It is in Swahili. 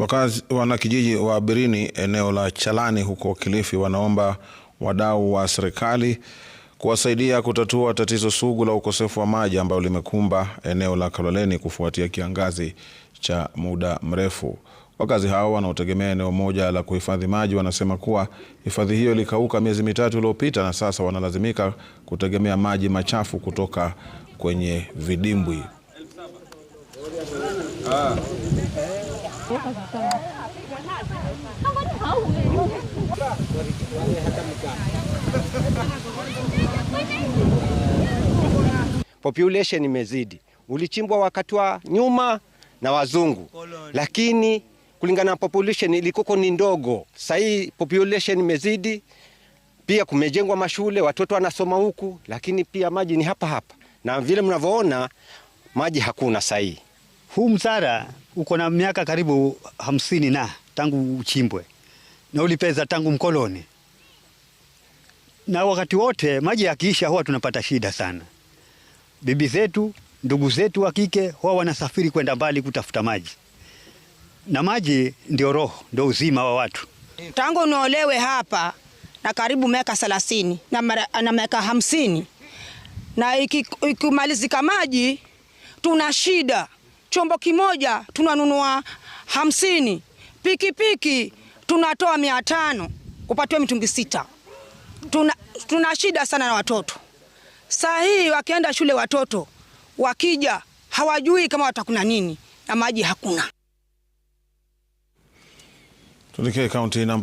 Wakazi wanakijiji wa Birini eneo la Chalani huko Kilifi wanaomba wadau wa serikali kuwasaidia kutatua tatizo sugu la ukosefu wa maji ambayo limekumba eneo la Kaloleni kufuatia kiangazi cha muda mrefu. Wakazi hao wanaotegemea eneo moja la kuhifadhi maji wanasema kuwa hifadhi hiyo ilikauka miezi mitatu iliyopita na sasa wanalazimika kutegemea maji machafu kutoka kwenye vidimbwi. Ah. Population imezidi, ulichimbwa wakati wa nyuma na wazungu, lakini kulingana na population ilikoko ni ndogo. Sasa hii population imezidi, pia kumejengwa mashule, watoto wanasoma huku, lakini pia maji ni hapa hapa, na vile mnavyoona maji hakuna sahi. Huu msara uko na miaka karibu hamsini na tangu uchimbwe na ulipeza tangu mkoloni, na wakati wote maji yakiisha huwa tunapata shida sana. Bibi zetu ndugu zetu wa kike huwa wanasafiri kwenda mbali kutafuta maji, na maji ndio roho, ndio uzima wa watu. Tangu niolewe hapa na karibu miaka thelathini na miaka hamsini na ikimalizika iki maji tuna shida. Chombo kimoja tunanunua hamsini, pikipiki tunatoa mia tano kupatiwa mitungi sita. Tuna, tuna shida sana na watoto. Saa hii wakienda shule watoto wakija hawajui kama watakuna nini na maji hakuna. Tuelekee kaunti nambari